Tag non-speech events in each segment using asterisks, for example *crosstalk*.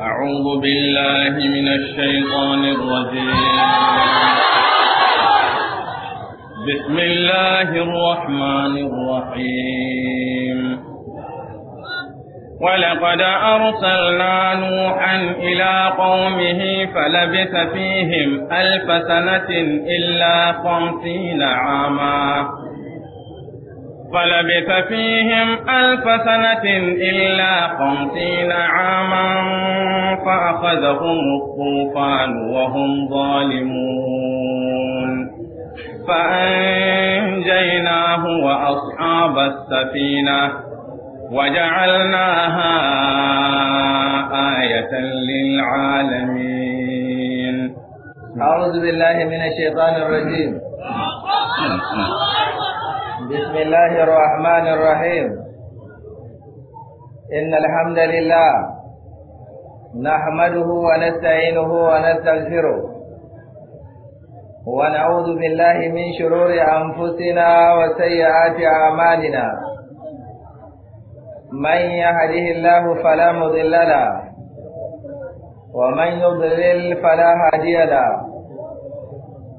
أعوذ بالله من الشيطان الرجيم بسم الله الرحمن الرحيم ولقد أرسلنا نوحا إلى قومه فلبث فيهم ألف سنة إلا خمسين عاماً فلبث فيهم ألف سنة إلا خمسين عاما فأخذهم الطوفان وهم ظالمون فأنجيناه وأصحاب السفينة وجعلناها آية للعالمين أعوذ بالله من الشيطان الرجيم *laughs* Bismillahirrahmanirrahim Innal hamdalillah nahmaduhu wa nasta'inuhu wa nastaghfiruh wa na'udhu billahi min shururi anfusina wa sayyiati a'malina man yahdihillahu fala mudilla la wa man yudlil fala hadiya lahu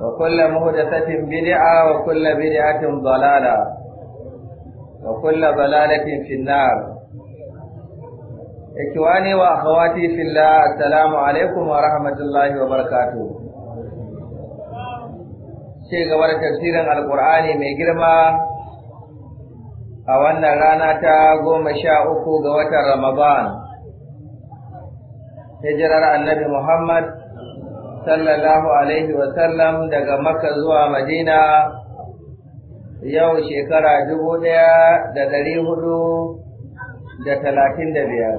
وكل مهدسة بدعة وكل بدعة ضلالة وكل ضلالة في النار إخواني وأخواتي في الله السلام عليكم ورحمة الله وبركاته Ce gabar tafsirin Alƙur'ani mai girma a wannan rana ta goma sha uku ga watan Ramadan, hijirar annabi Muhammad sallallahu alaihi wasallam daga Makka zuwa Madina yau shekara dubu ɗaya da ɗari hudu da talatin da biyar.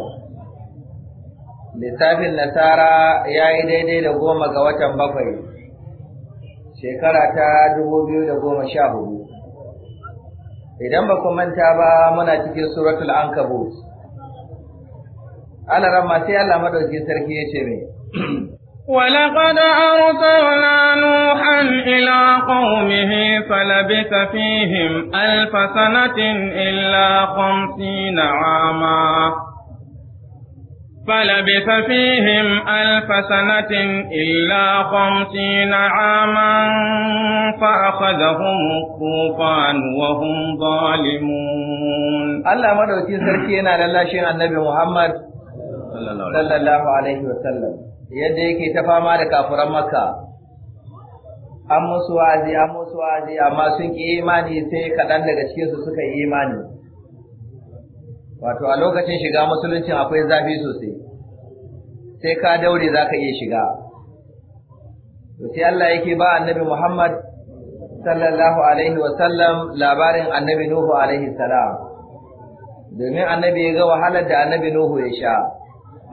Lissafin Nasara ya yi daidai da goma ga watan bakwai, shekara ta dubu biyu da goma sha hudu. Idan ba ku manta ba muna cikin suratul Ankabut. Allah ramma sai Allah maɗauki sarki ya ce mai. *clears throat* ولقد أرسلنا نوحا إلى قومه فلبث فيهم ألف سنة إلا خمسين عاما فلبث فيهم ألف سنة إلا خمسين عاما فأخذهم الطوفان وهم ظالمون الله مدعو تنسر كينا لله شيء النبي محمد صلى الله عليه وسلم yadda yake ta fama da kafuran maka. an musu wa'azi an musu wa'azi amma sun ki imani sai kaɗan daga cikinsu suka yi imani wato a lokacin shiga musuluncin akwai zafi sosai sai ka daure za ka iya shiga to sai Allah yake ba annabi Muhammad sallallahu alaihi wa sallam labarin annabi Nuhu alaihi salam domin annabi ya ga wahalar da annabi Nuhu ya sha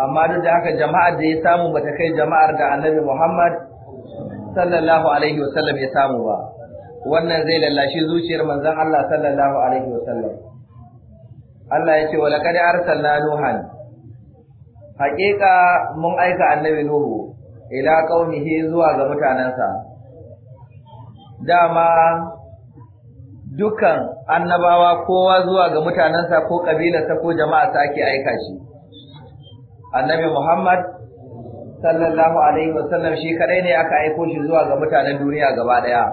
amma duk da haka jama'ar da ya samu bata kai jama'ar da annabi Muhammad sallallahu alaihi wasallam ya samu ba wannan zai lallashi zuciyar manzon Allah sallallahu alaihi wasallam Allah ya ce wa laqad arsalna nuhan haƙiƙa mun aika annabi nuhu ila qaumihi zuwa ga mutanansa dama dukan annabawa kowa zuwa ga mutanansa ko kabilarsa ko jama'arsa ake aika shi annabi Muhammad sallallahu alaihi wasallam shi kadai ne aka aiko shi zuwa ga mutanen duniya gaba daya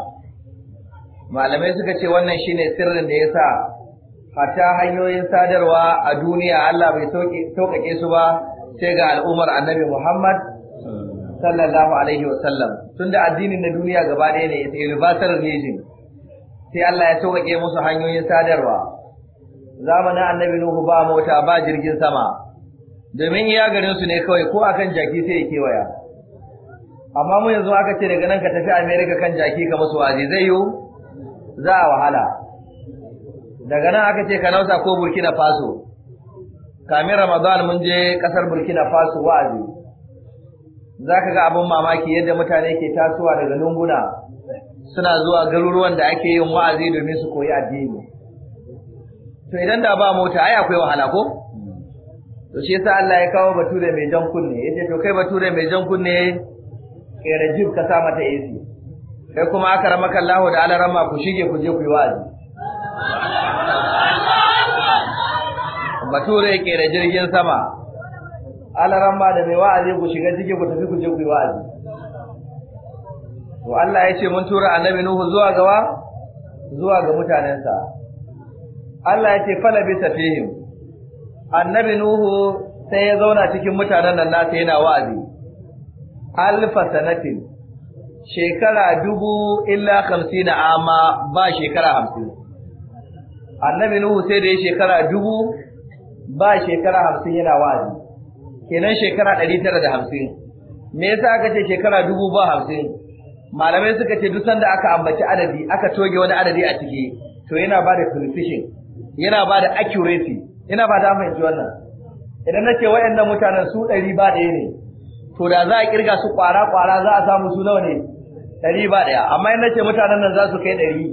malamai suka ce wannan shine sirrin da yasa hatta hanyoyin sadarwa a duniya Allah bai sauƙaƙe su ba sai ga al'ummar annabi Muhammad sallallahu alaihi wasallam tunda addinin na duniya gaba daya ne ita universal religion sai Allah ya sauƙaƙe musu hanyoyin sadarwa zamanin annabi Nuhu ba mota ba jirgin sama domin iya garinsu ne kawai ko akan jaki sai ya kewaya amma mu yanzu aka ce daga nan ka tafi America kan jaki ka musu waje zai yiwu za a wahala daga nan aka ce ka nausa ko Burkina Faso kamin Ramadan mun je kasar Burkina Faso wa'azi ka ga abin mamaki yadda mutane ke tasowa daga lunguna suna zuwa garuruwan da ake yin wa'azi domin su koyi addini to idan da ba mota ai akwai wahala ko to shi yasa Allah ya kawo bature mai jan kunne yace to kai bature mai jan kunne kai rajib ka sa mata AC kai kuma aka ramaka Allah da alarama ku shige ku je ku yi wa'azi bature ke da jirgin sama alarama da mai wa'azi ku shiga jike ku tafi ku je ku yi wa'azi to Allah ya ce mun tura annabi Nuhu zuwa gawa zuwa ga mutanensa Allah ya ce fala bi tafihim annabi nuhu sai ya zauna cikin mutanen nan nasa yana wa'azi alfa sanatin shekara dubu illa hamsin amma ba shekara hamsin annabi nuhu sai da ya shekara dubu ba shekara hamsin yana wa'azi kenan shekara ɗari tara da hamsin me yasa aka ce shekara dubu ba hamsin malamai suka ce duk sanda aka ambaci adadi aka toge wani adadi a ciki to yana ba da precision yana ba da accuracy ina ba ta fahimci wannan idan na ce waɗannan mutanen su ɗari ba ɗaya ne to da za a kirga su ƙwara ƙwara za a samu su nawa ne ɗari ba ɗaya amma idan na ce mutanen nan za su kai ɗari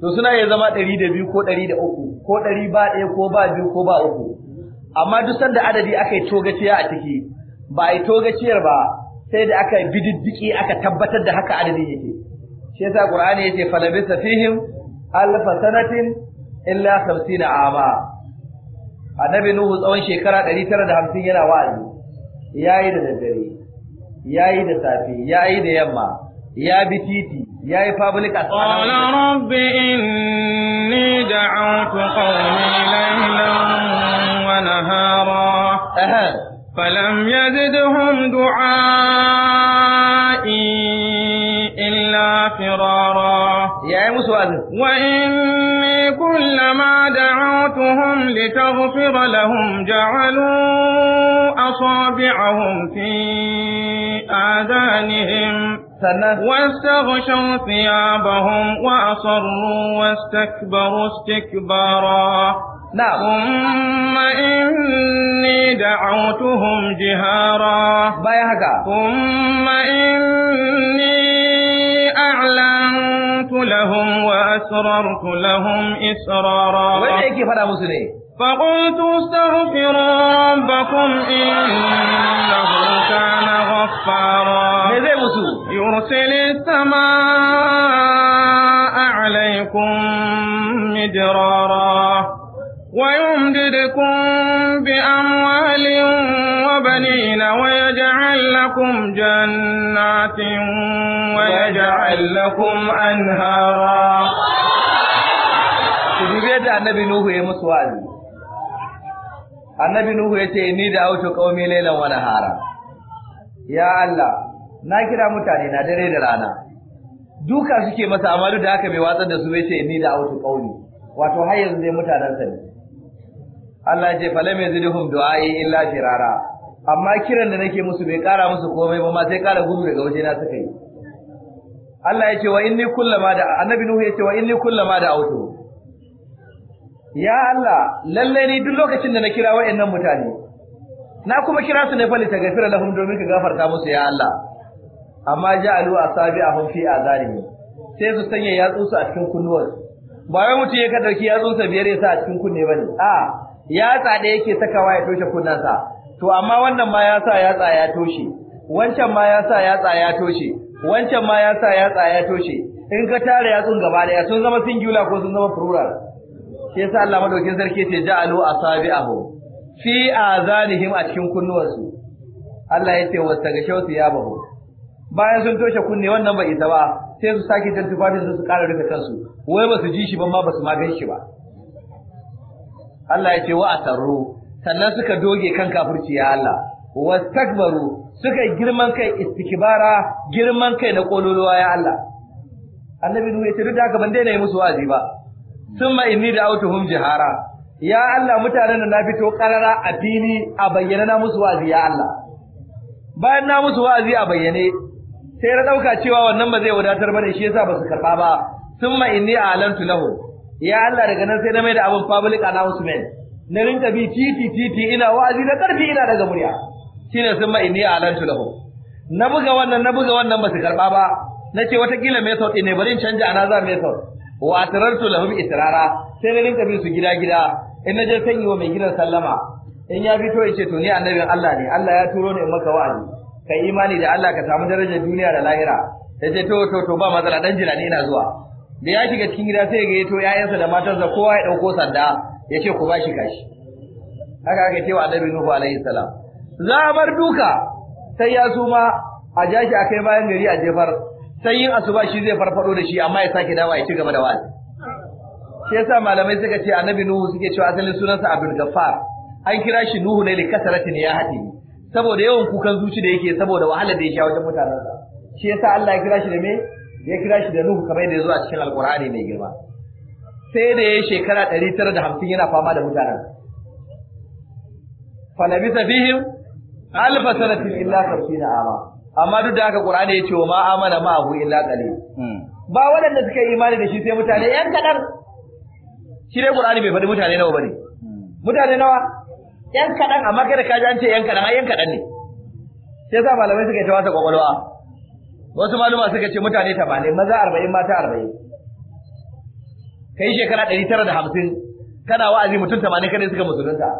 to suna iya zama ɗari da biyu ko ɗari da uku ko ɗari ba ɗaya ko ba biyu ko ba uku amma duk sanda adadi aka yi togaciya a ciki ba a yi togaciyar ba sai da aka bididdiki aka tabbatar da haka adadi yake shi yasa qur'ani yace falabisa fihim alfa sanatin illa 50 ama annabi nuhu tsawon shekara hamsin yana wa'azi yi da daddare yi da safe yi da yamma ya bi titi yayi public a tsawon rabbi inni da'awtu qawmi laylan wa nahara فلم يزدهم دعائي إلا فرارا يا مسواد وإن كلما دعوتهم لتغفر لهم جعلوا أصابعهم في آذانهم واستغشوا ثيابهم وأصروا واستكبروا استكبارا نعم ثم إني دعوتهم جهارا ثم إني أعلنت أذنت لهم وأسررت لهم إسرارا فقلت استغفروا ربكم إنه كان غفارا يرسل السماء عليكم مدرارا ويمددكم بأموال بنين ويجعل لكم جنات ويجعل لكم أنهارا تجيبيت النبي نوح يمسوال النبي نوح يتي إني دعوت قومي ليلا ونهارا يا الله ناكرا متاني نادري درانا duka suke masa amalu da haka mai watsar da su bai ce ni da autu kauli wato har yanzu dai mutanen sa ne Allah ya ce falam yazidhum du'ai illa firara amma kiran da nake musu bai kara musu komai ba ma sai kara gudu daga waje na suka yi Allah ya ce wa inni kullama da annabi Nuhu ya wa inni kullama da auto ya Allah lalle ni duk lokacin da na kira wayannan mutane na kuma kira su ne fa li tagfira lahum domin ka gafarta musu ya Allah amma ja'alu asabi'ahum fi azarihim sai su sanya yatsu su a cikin kunnuwar ba wai mutum ya ka dauki yatsun sa biyar ya sa a cikin kunne bane a yatsa da yake sakawa ya toshe kunnansa to amma wannan ma ya sa yatsa ya toshe wancan ma ya sa yatsa ya toshe wancan ma ya sa yatsa ya toshe in ka tare yatsun gaba daya sun zama singular ko sun zama plural sai yasa Allah madaukin sarki ce ja'alu asabi'ahu fi azanihim a cikin kunnuwansu Allah ya ce shawsu ya bahu. bayan sun toshe kunne wannan bai isa ba sai su sake jan tufafin su su ƙara rufe kansu wai ba su ji shi ba ma ba su ma gan shi ba Allah ya ce wa atarru sannan suka doge kan kafirci ya Allah wastakbaru suka yi girman kai istikbara girman kai na kololuwa ya Allah annabi nuhu yace duk da haka ban daina yi musu wa'azi ba da inni da'awtuhum jihara ya Allah mutanen da na fito karara a fili a bayyana na musu wa'azi ya Allah bayan na musu wa'azi a bayyane sai na dauka cewa wannan ba zai wadatar ba ne shi yasa ba su karba ba ni inni a'lantu lahu ya Allah daga nan sai na mai da abin public announcement na rinka bi titi titi ina wa'azi da karfi ina daga murya shine sun ma inni alantu lahu na buga wannan na buga wannan ba su karba ba nace wata kila method ne bari in canja another method wa atarartu lahum itrara sai na rinka bi su gida gida in naje sanyi wa mai gidan sallama in ya fito ya ce to ni annabin Allah ne Allah ya turo ni in maka wa'azi kai imani da Allah ka samu darajar duniya da lahira ya ce to to to ba matsala dan jira ne ina zuwa da ya shiga cikin gida sai ya ga to ƴaƴansa da matarsa kowa ya ɗauko sanda ya ce ku ba shi kashi haka aka ce wa annabi nuhu alaihi salam za bar duka sai ya suma a jashi a kai bayan gari a jefar sai yin asuba shi zai farfado da shi amma ya sake dawa ya ci gaba da wa'azi shi yasa malamai suka ce annabi nuhu suke cewa asalin sunansa abdul gaffar an kira shi nuhu ne likasarati ne ya hadi saboda yawan kukan zuci da yake saboda wahalar da ya sha wajen mutanensa shi yasa Allah ya kira shi da me ya kira shi da nuhu kamar yadda ya zo a cikin alqur'ani mai girma sai da ya shekara ɗari tara da hamsin yana fama da mutanen. Falabisa fihim alfa sanatin illa sarki na ama. Amma duk da haka ƙur'ani ya ce wa ma amana ma abu illa qalil. Hmm. Ba waɗanda suka yi imani da shi sai mutane yan kaɗan. Shi dai Qur'ani bai faɗi mutane nawa bane. Hmm. Mutane nawa? Yan kaɗan amma kada ka ji an ce yan kaɗan ai yan kaɗan ne. Sai sa malamai suka yi ta wasa ƙwaƙwalwa. Wasu maluma suka ce mutane tamanin maza arba'in mata arba'in. kai shekara ɗari tara da hamsin kana wa'azi mutum tamanin kadai suka musulunta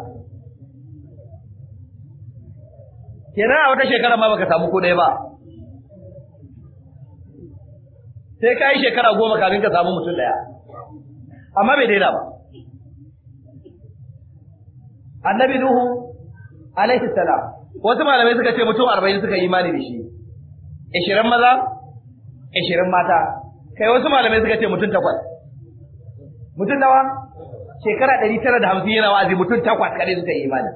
kenan a wata shekara ma baka samu ko ɗaya ba sai ka yi shekara goma kafin ka samu mutum ɗaya amma bai daina ba annabi nuhu alaihi salam wasu malamai suka ce mutum arba'in suka imani da shi ashirin maza ashirin mata kai wasu malamai suka ce mutum takwas mutum nawa shekara ɗari tara da hamsin yana wa'azi mutum takwas kaɗai suka yi imani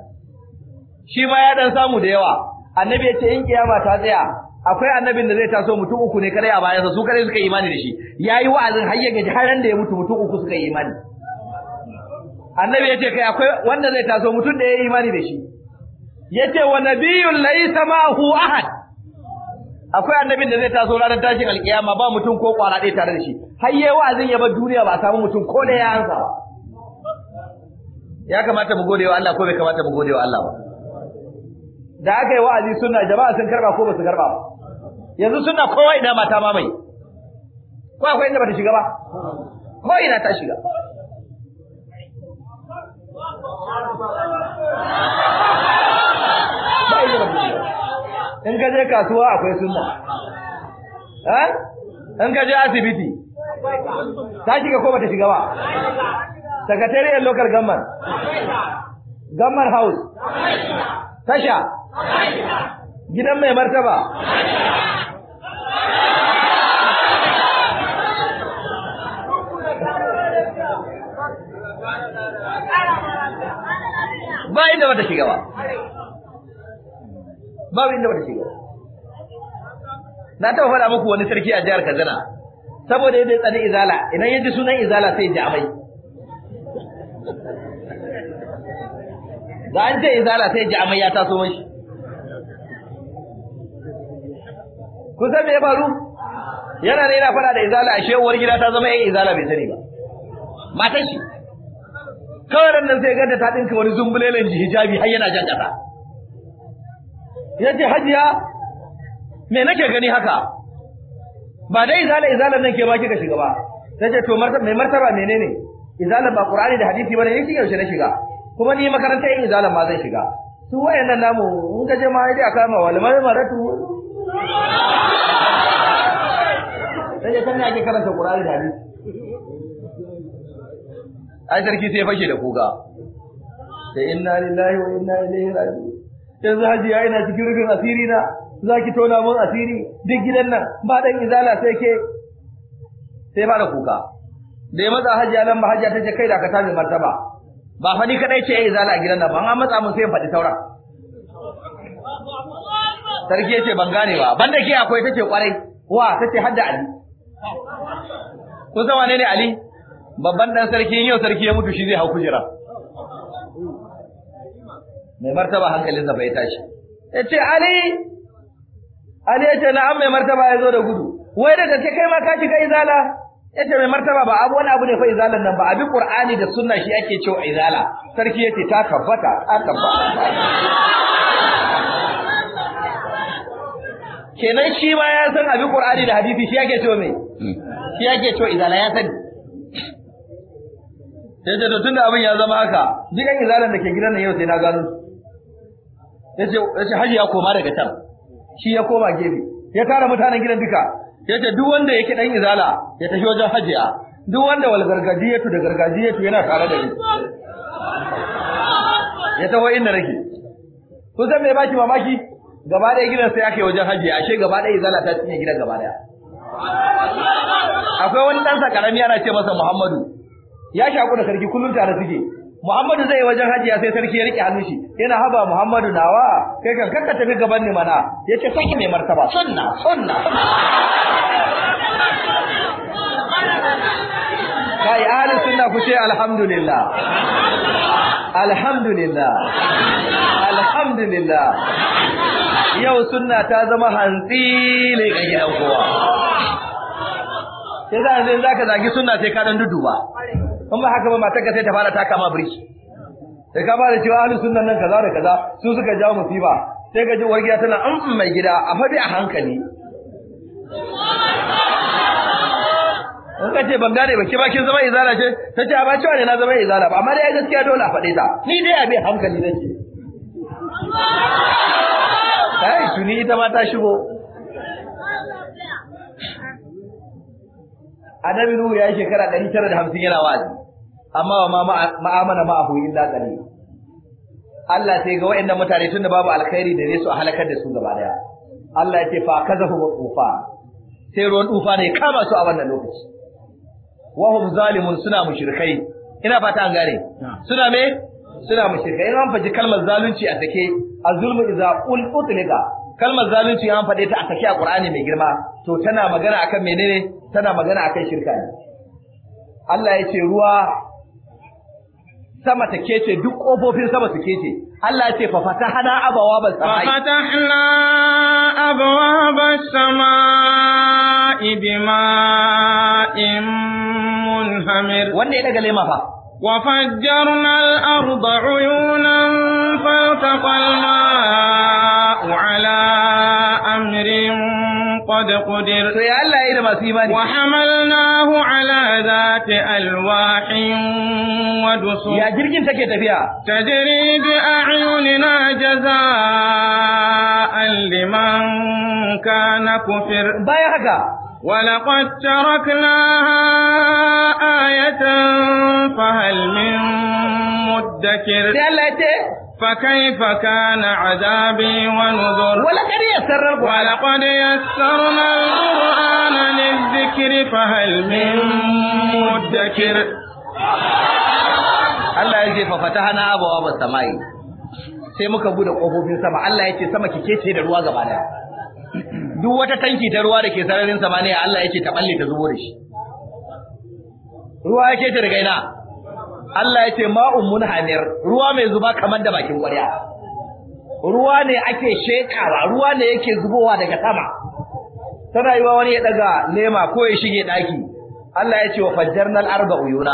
shi ma ya ɗan samu da yawa annabi ya ce in kiyama ta tsaya akwai annabin da zai taso mutum uku ne kaɗai a bayansa su kaɗai suka yi imani da shi yi wa'azin har ya gaji har da ya mutu mutum uku suka yi imani annabi ya ce kai akwai wanda zai taso mutum da ya yi imani da shi ya ce wa nabiyyun laysa ma'ahu ahad akwai annabin da zai taso ranar tashin alkiyama ba mutum ko kwara ɗaya tare da shi har yayi wa'azin ya bar duniya ba samu mutum ko da ya ansa ya kamata mu gode wa Allah ko bai kamata mu gode wa Allah ba da aka yi wa'azi sunna jama'a sun karba ko ba su karba ba yanzu sunna kowa ina mata ma mai ko akwai inda bata shiga ba ko ina ta shiga in ka je kasuwa akwai sunna in ka je asibiti ta shiga ko bata shiga ba sakatariyar local government government house tasha gidan mai martaba ba inda bata shiga ba babu inda bata shiga na taɓa faɗa muku wani sarki a jihar Katsina saboda yadda ya tsani izala idan ya ji sunan izala sai ya ji amai da an ce izala sai ya ji amai ya taso mai. kun san me ya faru yana ne yana faɗa da izala ashe uwar gida ta zama yayin izala bai sani ba matan shi kawai nan sai ga da ta dinka wani zumbulelen hijabi har yana jan ƙasa. ya ce hajiya me nake gani haka ba dai izala izala nan ke ba kika shiga ba ta ce to mai martaba menene izala ba qur'ani da hadisi ne yake yaushe na shiga kuma ni makaranta yin izala ma zan shiga su wayannan namu in ka je ma dai aka ma walmar maratu sai ya kanna ake karanta qur'ani da hadisi ai sarki sai fashe da kuga da inna lillahi wa inna ilaihi raji'un yanzu haji ya yana cikin rufin asiri na za ki tona mun asiri duk gidan nan ba dan izala sai ke sai ba da kuka da ya matsa hajiya nan ba hajiya ta ce kai da ka tashi martaba ba fa ni kadai ce ya izala a gidan nan ba an matsa mun sai faɗi sauran sarki yace ban gane ba banda ke akwai tace kwarai wa tace hadda ali kun zama ne ne ali babban dan sarki yau sarki ya mutu shi zai hau kujera mai martaba hankalinsa bai tashi Ya ce ali ali ya na na'am mai martaba ya zo da gudu wai da gaske kai ma ka shiga izala ce mai martaba ba abu wani abu ne fa izalan nan ba abin qur'ani da sunna shi ake cewa izala sarki yace ta tabbata ta tabbata kenan shi ma ya san abin qur'ani da hadisi shi yake cewa me shi yake cewa izala ya sani sai da tunda abin ya zama haka jikan izalan da ke gidan nan yau sai na gano su yace yace haji ya koma daga can shi ya koma gefe ya tara mutanen gidan duka yace duk wanda yake dan izala ya tafi wajen hajiya duk wanda wal gargajiyatu da gargajiyatu yana tare da ni ya taho inda nake ko zan mai baki mamaki gaba ɗaya gidan sai aka yi wajen hajiya ashe gaba ɗaya izala ta cinye gidan gaba daya akwai wani ɗansa ƙarami yana ce masa Muhammadu ya shaƙu da sarki kullum tare suke Muhammadu zai wajen hajiya sai sarki ya rike hannu shi yana haba Muhammadu nawa kai kan kanka tafi gaban ni mana yace saki mai martaba sunna sunna kai ahli sunna ku ce alhamdulillah alhamdulillah alhamdulillah yau sunna ta zama hantsi ne ga gidan kowa sai zan zaka zagi sunna sai ka dan duduba in ba haka ba matar ka sai ta fara taka ma birki sai ka fara cewa ahli sunnan nan kaza da kaza su suka jawo musiba sai ka ji uwar gida tana an mm, mm, mai gida a fadi a hankali in ka ce ban gane ba ke ba kin zama izala ce ta ce ba cewa ne na zama izala ba amma dai gaskiya dole a faɗe ta ni dai a bi hankali nake kai tuni ita ma ta shigo annabi nuhu ya yi shekara 950 yana wa'azi amma ma ma'amana ma ma'ahu illa qalil Allah sai ga waɗannan mutane tunda babu alkhairi da su a halakar da su gaba daya Allah ya ce fa kazafu tufa sai ruwan tufa ne kama su a wannan lokaci wa hum zalimun suna mushrikai ina fata an gare suna me suna mushrikai in an faji kalmar zalunci a take azulmu iza ul utlika kalmar zalunci an faɗe ta a take a Qur'ani mai girma to tana magana akan menene tana magana akan shirka ne Allah ya ce ruwa sama ta kece duk ƙofofin sama su kece Allah ya ce fa fatahna abawa bas samai fa fatahna abawa bas samai bima'in munhamir wanda ya daga lema fa وفجرنا الأرض عيونا da ƙudir. To yi da masu imani. Wa hamalna hu ala za ta alwaƙin wa dusu. Ya jirgin take tafiya. Ta jiri bi na jaza an liman ka na kufir. Baya haka. ولقد تركنا آية فهل من مدكر فكيف كان عذابي ونذر ولقد يسرنا القرآن للذكر فهل من مدكر Allah ya ce fa fatahana abwaaba samai sai muka bude kofofin sama Allah ya ce sama ki kece da ruwa gaba daya duk wata tanki ta ruwa da ke sararin ne, Allah ya ce ta balle ta zubo da shi ruwa ya kece ta daga ina Allah ya ce ma'un munhamir ruwa mai zuba kamar da bakin ƙwarya ruwa ne ake shekara ruwa ne yake zubowa daga sama tana yi wa wani ya daga lema ko ya shige daki Allah ya ce wa fajjarnal arba uyuna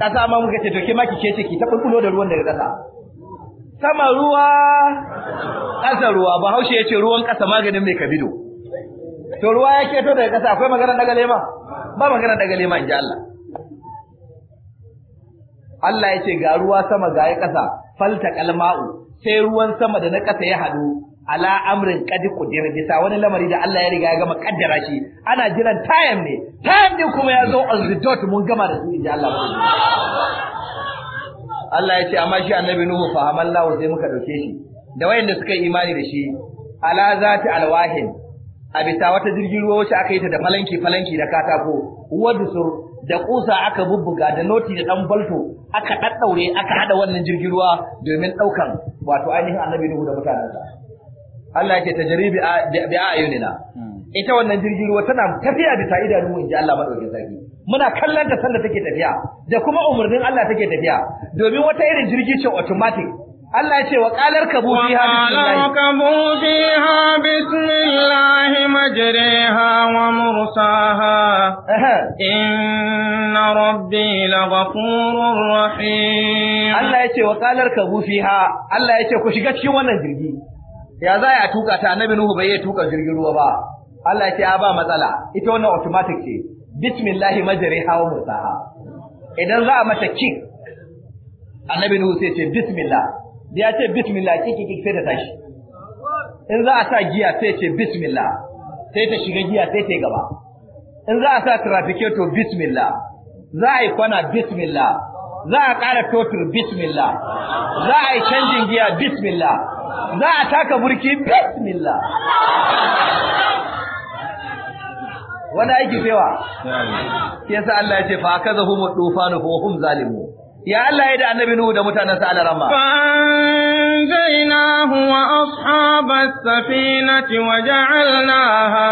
kasa ma muka ce to ke maki ke ciki ta kulkulo da ruwan daga kasa sama ruwa kasa ruwa bahaushe ya ce ruwan kasa maganin mai kabido to ruwa ya keto daga kasa akwai magana daga lema ba magana daga lema inji Allah Allah ya ce ga ruwa sama ga ya ƙasa falta kalma'u sai ruwan sama da na ƙasa ya haɗu ala amrin kadi kudir bisa wani lamari da Allah ya riga ya gama kaddara shi ana jiran tayan ne tayan din kuma ya zo on the mun gama da su inji Allah Allah ya ce amma shi annabi Nuhu fa sai muka dauke shi da wayanda suka yi imani da shi ala zati alwahin a bisa wata jirgin ruwa wacce aka yi ta da falanki falanki da katako wadusur da kusa aka bubuga da noti da dan balto aka daddaure aka hada wannan jirgin ruwa domin daukan wato ainihin annabi Nuhu da mutanensa Allah yake tajribi bi ayunina hmm. ita wannan jirgin ruwa tana tafiya da ta idanu in ji Allah madaukakin sarki muna kallon sanda take tafiya da kuma umurnin Allah take tafiya domin wata irin jirgi ce automatic Allah ya ce wa kalar kabu ha bismillah kabu ha bismillah majriha wa mursaha inna rabbi ghafurur rahim Allah ya ce wa kalar kabu ha. Allah ya ce ku shiga cikin wannan jirgi ya za ya tuka ta annabi nuhu bai ya tuka jirgin ruwa ba Allah ya ce a ba matsala ita wannan automatic ce bismillah majriha wa mursaha idan za a mata kick annabi nuhu sai ce bismillah da ya ce bismillah kiki kiki sai ta tashi in za a sa giya sai ce bismillah sai ta shiga giya sai ta gaba in za a sa to bismillah za a yi kwana bismillah za a ƙara totur bismillah za a yi canjin giya bismillah za a taka burki bismillah wani aiki cewa sai sa Allah ya ce fa kaza humu dufanu fa hum zalimu ya Allah ya da annabi Nuhu da mutanen sa alarama Fanzaina huwa ashabas safinati wa ja'alnaha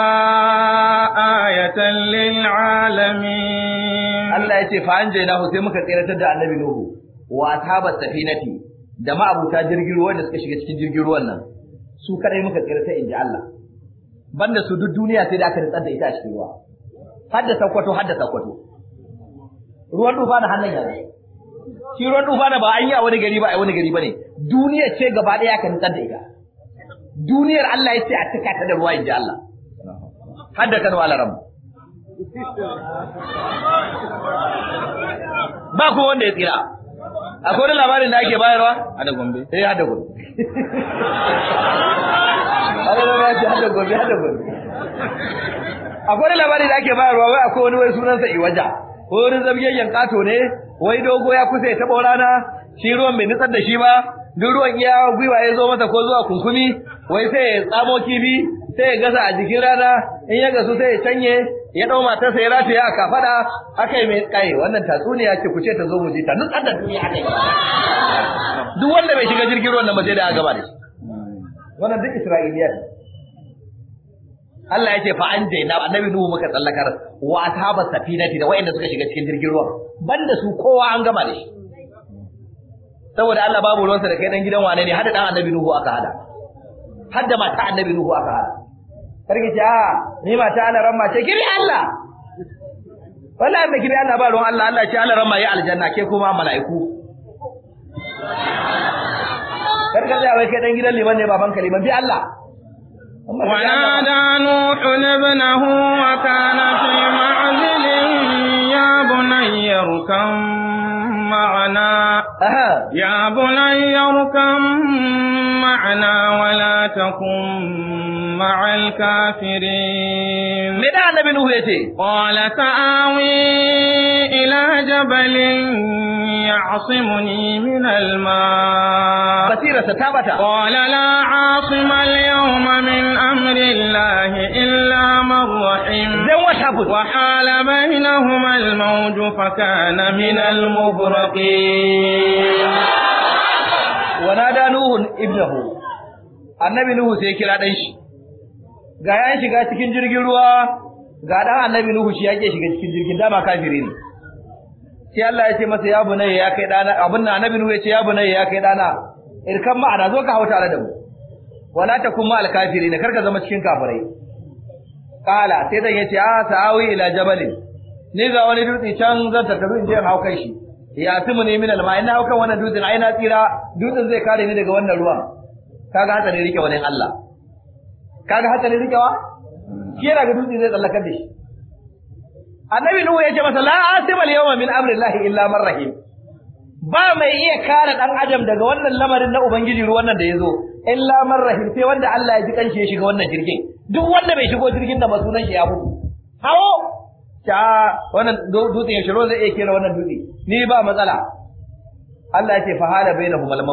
ayatan lil alamin Allah ya ce hu sai muka tsiratar da annabi Nuhu wa ashabas safinati da ma'abuta jirgin ruwan da suka shiga cikin jirgin ruwan nan su kadai muka tsiratar inji Allah banda su duk duniya sai da aka rantsar da ita a cikin ruwa Haddasa kwato sakwato kwato. ruwan dufa da hannun yanzu shi ruwan tufa da ba an yi a wani gari ba a wani gari ba ne duniyar ce gaba ɗaya ka nutsar da ita duniyar Allah ya ce a cika ta da ruwa in ji Allah har da kanu ba ku wanda ya tsira akwai wani labarin da ake bayarwa hada da eh hada gombe hada gombe gombe akwai wani labarin da ake bayarwa wai akwai wani wai sunansa iwaja ko wurin zabiyayyen kato ne wai dogo ya kusa ya taɓa rana shi ruwan bai nutsar da shi ba duk ruwan iya gwiwa ya zo masa ko zuwa kunkumi wai sai ya tsamo kifi sai ya gasa a jikin rana in ya gasu sai ya canye ya ɗau matarsa ya rataya a kafaɗa aka yi mai tsaye wannan tatsuniya ce ku ce ta zo mu ji ta nutsar da duniya ne duk wanda bai shiga jirgin ruwan nan ba sai da aka gaba da shi wannan duk isra'iliya ne Allah ya ce fa an jaina annabi nuhu muka tsallakar wa ashabas safinati da wayanda suka shiga cikin jirgin ruwa. banda su kowa an gama da shi saboda Allah babu ruwansa da kai dan gidan wane ne hada dan annabi nuhu aka hada hadda mata annabi nuhu aka hada karki ce a ah, ni ta Allah ramma ce kiri Allah wallahi mai kiri Allah ba ruwan Allah Allah ce Allah ramma ya aljanna ke kuma mala'iku karka ya wai kai dan gidan liman ne baban kaliman bi Allah ونادى نوح ابنه وكان في معزل يا بني اركم معنا يا بني اركم معنا ولا تكن مع الكافرين sai annabi Nuhu ya ce qala ta'awi ila jabalin ya'simuni min alma basira tabata qala la asima al-yawma min amri llahi illa man rahim dan wata bu wa hala bainahuma al-mawj fa kana min al-mughraqin wa nada nuhu ibnahu annabi nuhu sai kira dan shi ga ya shiga cikin jirgin ruwa ga dan annabi nuhu shi yake shiga cikin jirgin dama kafiri ne sai Allah ya ce masa ya bunayya ya kai dana abin nan annabi nuhu ya ce ya bunayya ya kai dana irkan ma'ana zo ka hauta da mu wala ta kuma al-kafirin karka zama cikin kafirai kala sai dan yace a ah, sa'awi ila jabalin ni ga wani dutse can zan ta in je hauka shi ya tumu ne min alma ina hauka wannan dutsen ai na tsira dutsen zai kare ni daga wannan ruwan kaga hatsari rike wani Allah kaga hatsari wa? yana ga dutse zai tsallakar da shi annabi nuhu ya ce masa la asima yawma min amrillahi illa man rahim ba mai iya kare dan adam daga wannan lamarin na ubangiji ruwan nan da yazo illa man rahim sai wanda Allah ya ji kanshi ya shiga wannan jirgin duk wanda bai shigo jirgin da masunan shi ya mutu hawo ta wannan dutse ya shiro zai iya kera wannan dutse ni ba matsala Allah ya ce fa hala bainahum al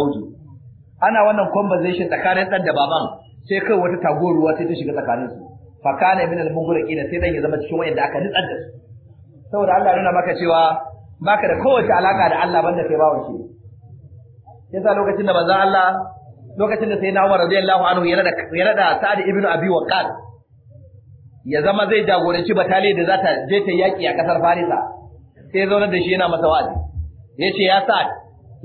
ana wannan conversation tsakanin dan da baban sai kai wata tagoruwa sai ta shiga tsakaninsu fa min al-mughraqina sai dan ya zama cikin wayanda aka nitsar da su saboda Allah nuna maka cewa baka da kowace alaka da Allah banda kai bawon shi yasa lokacin da manzon Allah lokacin da sai na Umar radiyallahu anhu ya rada ya rada Sa'ad ibn Abi Waqqas ya zama zai jagoranci bataliya da za ta je ta yaki a kasar Farisa sai zo da shi yana masa wa'azi yace ya sa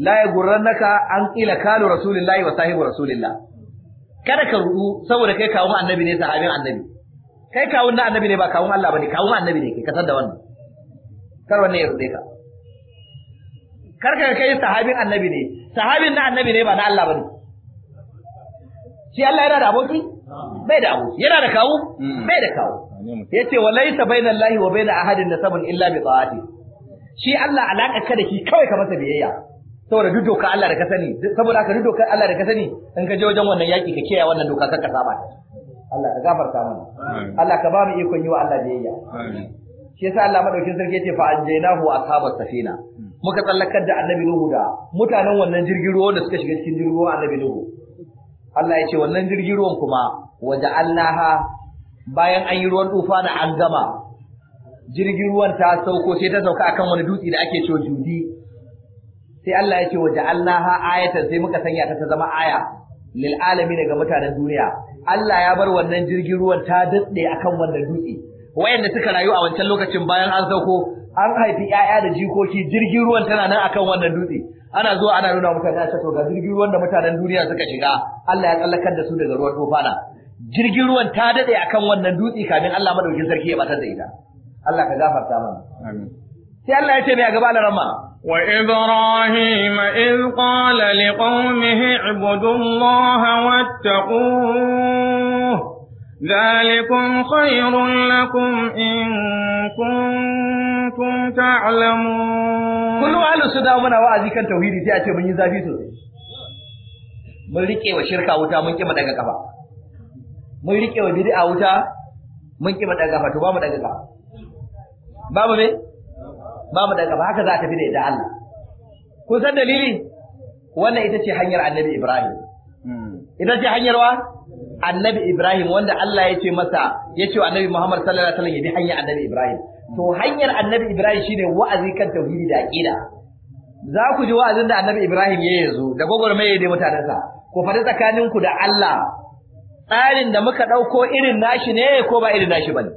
la yagurrannaka an qila kalu rasulillahi wa sahibu rasulillah kada ka rudu saboda kai kawo annabi ne sahabin annabi kai kawun na annabi ne ba kawun Allah bane kawun annabi ne ke kasar da wannan kar wannan ya rude ka kar ka kai sahabin annabi ne sahabin na annabi ne ba na Allah bane shi Allah yana da aboki bai da aboki yana da kawu hmm. bai da kawu yace walaysa bainallahi wa baina ahadin nasabun illa bi ta'ati shi Allah alaka ka da shi kawai ka masa biyayya saboda duk doka Allah da ka sani saboda ka duk doka Allah da ka sani in ka je wajen wannan yaki ka kiyaye wannan doka kar ka saba Allah ka gafarta mana Allah ka ba mu ikon yi wa Allah yayya shi yasa Allah madaukin sarki yace fa anjaynahu ashabas safina hmm. muka tsallakar da annabi Nuhu da mutanen wannan jirgin ruwa da suka shiga cikin jirgin ruwan annabi Nuhu Allah ya ce wannan jirgin ruwan kuma waja'alnaha bayan an yi ruwan tufana an gama jirgin ruwan ta sauko sai ta sauka akan wani dutse da ake cewa judi sai Allah ya ce waje ayatan sai muka sanya ta ta zama aya lil alamin ga mutanen duniya Allah ya bar wannan jirgin ruwan ta daɗe akan wannan dutse wayanda suka rayu a wancan lokacin bayan an sauko an haifi 'ya'ya da jikoki jirgin ruwan tana nan akan wannan dutse ana zuwa ana nuna mutane ce to ga jirgin ruwan da mutanen duniya suka shiga Allah ya tsallakar da su daga ruwan tofana jirgin ruwan ta daɗe akan wannan dutse kafin Allah madaukin sarki ya batar da ita Allah ka gafarta mana amin sai Allah ya ce mai a gaba Wa وإبراهيم إذ قال لقومه اعبدوا الله واتقوه ذلكم خير لكم إن كنتم تعلمون كل أهل السوداء من وعزي كان توحيدي تأتي من يزافي سوء mun rike wa shirka wuta mun kima daga kafa mun rike wa bid'a wuta mun kima daga kafa to babu me babu daga ba haka za ta fi da Allah kun san dalili wannan ita ce hanyar annabi Ibrahim ita ce hanyar wa annabi Ibrahim wanda Allah ya ce masa ya ce wa annabi Muhammad sallallahu alaihi wasallam ya bi hanyar annabi Ibrahim to hanyar annabi Ibrahim shine wa'azi kan tauhidi da aqida za ku ji wa'azin da annabi Ibrahim ya yanzu da gwagwarmaya da mutanensa ku faɗi tsakaninku da Allah tsarin da muka ɗauko irin nashi ne ko ba irin nashi bane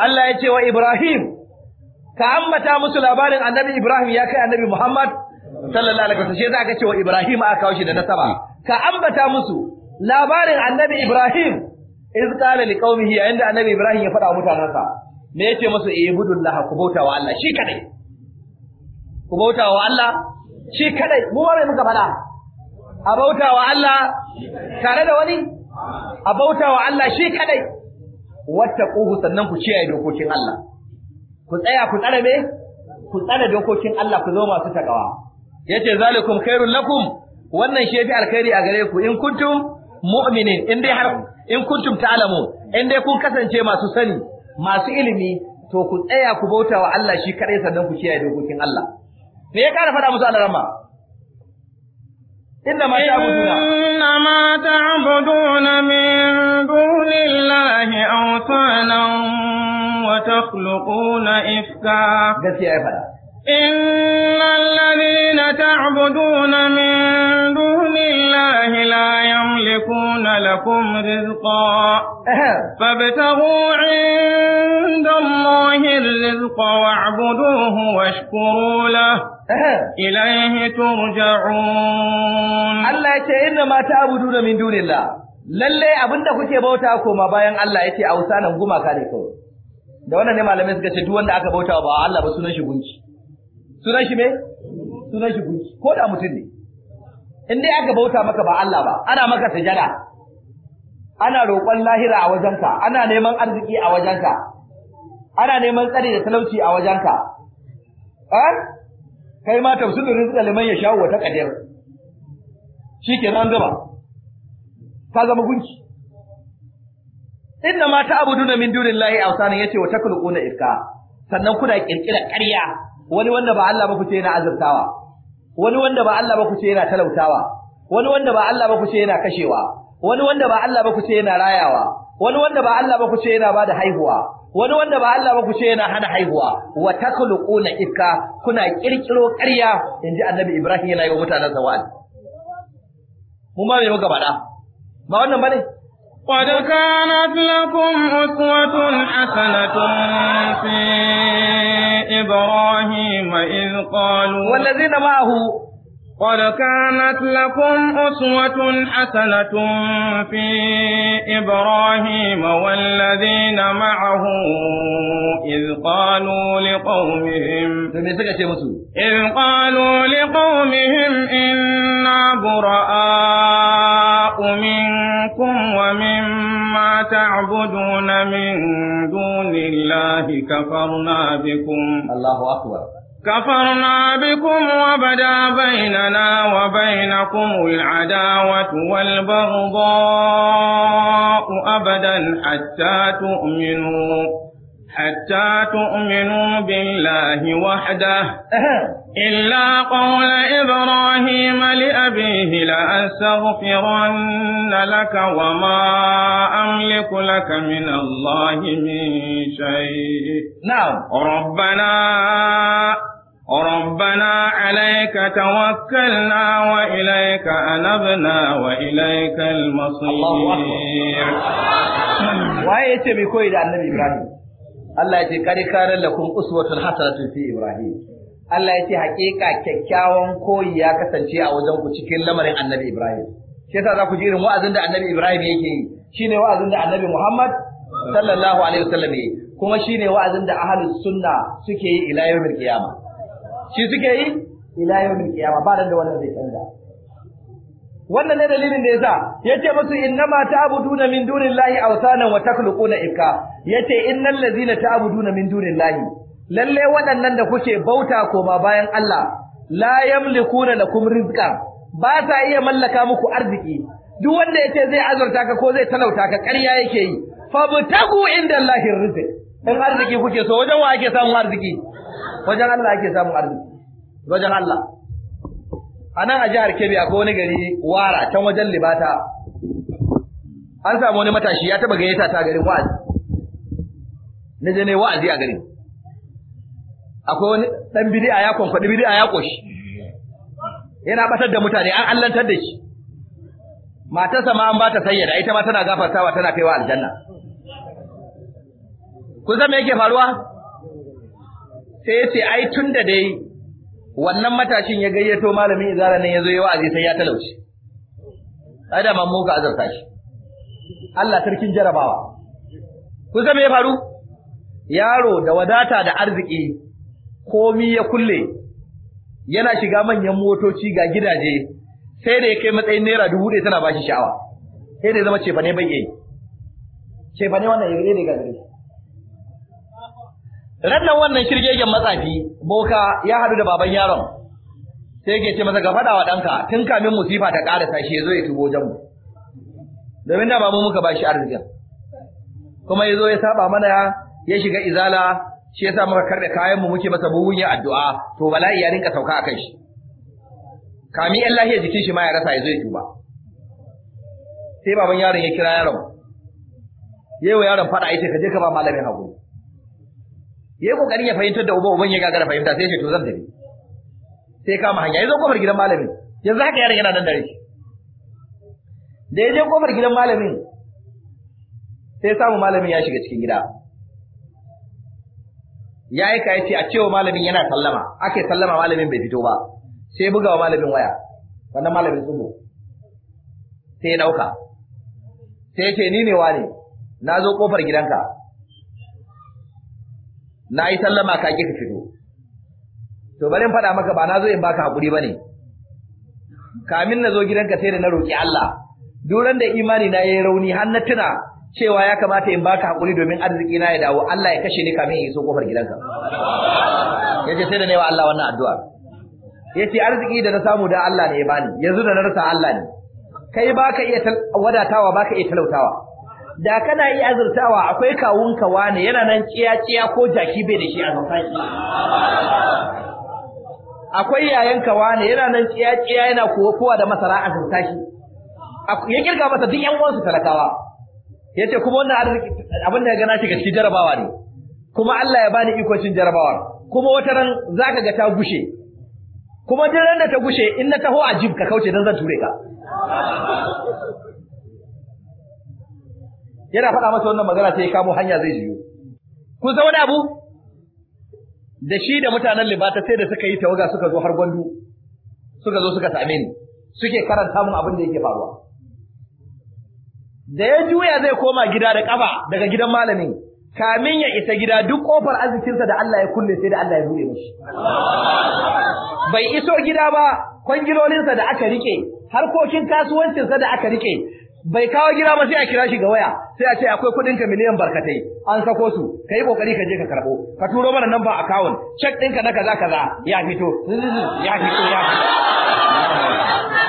Allah ya ce wa Ibrahim ka ambata musu labarin annabi Ibrahim ya kai annabi Muhammad sallallahu alaihi wasallam sai za aka ce wa Ibrahim aka kawo shi da nasaba ka ambata musu labarin annabi Ibrahim iz qala liqaumihi yayin da annabi Ibrahim ya faɗa mutanansa me yake musu ibudullaha ku bauta wa Allah shi kadai ku bauta wa Allah shi kadai mu ba mai muka faɗa a bauta wa Allah tare da wani a bauta wa Allah shi kadai wattaquhu sannan ku ciyaye dokokin Allah ku tsaya ku tsare me ku tsare dokokin Allah ku zo masu takawa yace zalikum khairul lakum wannan shi yafi alkhairi a gare ku in kuntum mu'minin in dai har in kuntum ta'lamu in dai kun kasance masu sani masu ilimi to ku tsaya ku bauta wa Allah shi kadai sannan ku kiyaye dokokin Allah me ya kara faɗa musu Allah Inna ma ta'buduna min dunillahi awtanan تخلقون إفكا إن الذين تعبدون من دون الله لا يملكون لكم رزقا فابتغوا عند الله الرزق واعبدوه واشكروا له إليه ترجعون الله يتعي إنما تعبدون من دون الله lallai abinda kuke bauta koma bayan Allah yake a wusanan gumaka ne kawai da wannan ne malamai suka ce duk wanda aka bauta ba Allah ba sunan shi gunki sunan shi me sunan shi gunki ko da mutum ne in dai aka bauta maka ba Allah ba ana maka sujada ana roƙon lahira a wajenka ana neman arziki a wajenka ana neman tsari da talauci a wajenka eh kai ma tafsirin rizqa liman ya shawo ta kadir shikenan an gaba ka zama gunki inna ma ta'buduna min dunillahi awsana yace wa takhluquna iska, sannan kuna kirkira ƙarya wani wanda ba Allah ba ku ce yana azurtawa wani wanda ba Allah ba ku ce yana talautawa wani wanda ba Allah ba ku ce yana kashewa wani wanda ba Allah ba ku ce yana rayawa wani wanda ba Allah ba ku ce yana bada haihuwa wani wanda ba Allah ba ku ce yana hana haihuwa wa takhluquna iska kuna kirkiro ƙarya inji annabi Ibrahim yana yi wa mutanen sa mu ma mai muka ba wannan bane قد كانت لكم أسوة حسنة في إبراهيم إذ قالوا والذين معه قد كانت لكم أسوة حسنة في إبراهيم والذين معه إذ قالوا لقومهم إذ قالوا لقومهم إنا براء أَرْزَقُ مِنكُمْ وَمِمَّا تَعْبُدُونَ مِن دُونِ اللَّهِ كَفَرْنَا بِكُمْ الله أكبر كفرنا بكم وبدا بيننا وبينكم العداوة والبغضاء أبدا حتى تؤمنوا حتى تؤمنوا بالله وحده إلا قول إبراهيم لأبيه لأستغفرن لك وما أملك لك من الله من شيء نعم ربنا ربنا عليك توكلنا وإليك أنبنا وإليك المصير الله أكبر *laughs* وآية بكويد النبي إبراهيم Allah ya ce kar kana lakum uswatun hasanatun fi Ibrahim Allah ya ce hakika kyakkyawan koyi ya kasance a wajen ku cikin lamarin Annabi Ibrahim Ke sa za ku ji irin wa'azin da Annabi Ibrahim yake yi shine wa'azin da Annabi Muhammad sallallahu alaihi wasallam yake kuma shine wa'azin da ahlus sunna suke yi ila yawmil qiyama shi suke yi ila yawmil qiyama ba da wannan zai canza wannan ne dalilin da yasa yace musu innama ta'buduna min dunillahi awsanan wa takhluquna ifka yace innal ladzina ta'buduna min lahi, lalle waɗannan da kuke bauta koma bayan Allah la yamlikuna lakum rizqa ba ta iya mallaka muku arziki duk wanda ya ce zai azurta ka ko zai talauta ka ƙarya yake yi fa butagu inda Allah rizq in arziki kuke so wajen wa ake samun arziki wajen Allah ake samun arziki wajen Allah anan a jihar Kebbi akwai wani gari wara can wajen Libata an samu wani matashi ya taba gayyata ta garin wa'azi na je ne wa'azi a gari akwai wani dan bid'a ya konfadi bid'a ya koshi yana batar da mutane an allantar da shi matarsa ma an bata sayyada ita ma tana gafartawa tana kaiwa aljanna kun san me yake faruwa sai ya ce ai tun da dai wannan matashin ya gayyato malamin izara nan ya zo ya wa'azi sai ya talauci ai da mamu ka azarta shi Allah sarkin jarabawa kun san me ya faru yaro da wadata da arziki komi ya kulle yana shiga manyan motoci ga gidaje sai da ya kai matsayin naira dubu ɗaya tana bashi sha'awa sai da ya zama cefane bai yi cefane wannan ya ne gare rannan wannan shirgegen matsafi boka ya haɗu da baban yaron sai ke ce masa ga faɗa wa ɗanka tun kamin musifa ta ƙarasa shi ya zo ya tubo mu domin da ba mu muka bashi arzikin kuma ya zo ya saba mana ya shiga izala shi yasa muka karɓe kayan mu muke masa ya addu'a to bala'i ya rinka sauka akan shi kami in lahiya jikin shi ma ya rasa ya zo ya tuba sai baban yaron ya kira yaron yayi wa yaron fada aice kaje ka ba malamin hakuri yayi kokarin ya fahimtar da uba uban ya gagara fahimta sai ce to zan tafi sai kama hanya yazo kofar gidan malamin yanzu haka yaron yana nan dare shi da ya je kofar gidan malamin sai samu malamin ya shiga cikin gida ya aika ya ce a cewa malamin yana sallama ake sallama malamin bai fito ba sai buga wa malamin waya wannan malamin tsubo sai ya dauka sai ce ni ne wane na zo kofar gidanka na yi sallama ka ki ka fito to bari in faɗa maka ba na zo in baka hakuri bane kamin na zo gidanka sai da na roki Allah duran da imani na yayi rauni har na tuna cewa ya kamata in baka hakuri domin arziki na ya dawo Allah ya kashe ni kamin in iso kofar gidanka yace sai da ne wa Allah wannan addu'a yace arziki da na samu da Allah ne ya bani yanzu da na rasa Allah ne kai baka iya wadatawa baka iya talautawa da kana iya azurtawa akwai kawunka wane yana nan ciya-ciya ko jaki bai da shi a zafashi akwai yayanka wane yana nan ciya-ciya yana kowa da masara a zafashi ya kirga masa duk yan uwansu talakawa yace kuma wannan arziki abin da ya gana shi cikin jarabawa ne kuma Allah ya bani ikocin cin jarabawa kuma wata ran zaka ga ta gushe kuma duk ran da ta gushe in na taho ajib ka kauce dan zan ture ka yana faɗa masa wannan magana sai ya kamo hanya zai jiyo kun san wani abu da shi da mutanen libata sai da suka yi tawaga suka zo har gwandu suka zo suka same ni suke karanta mun abin da yake faruwa da ya juya zai koma gida da ƙafa daga gidan malamin kamin ya isa gida duk ƙofar arzikinsa da Allah ya kulle sai da Allah ya buɗe mishi bai iso gida ba kwangilolinsa da aka rike harkokin kasuwancinsa da aka rike bai kawo gida ba sai a kira shi ga waya sai a ce akwai kudin ka miliyan barkatai an sako su kai kokari ka je ka karɓo, ka turo mana number account check ɗinka na kaza kaza ya fito *laughs* ya fito ya fito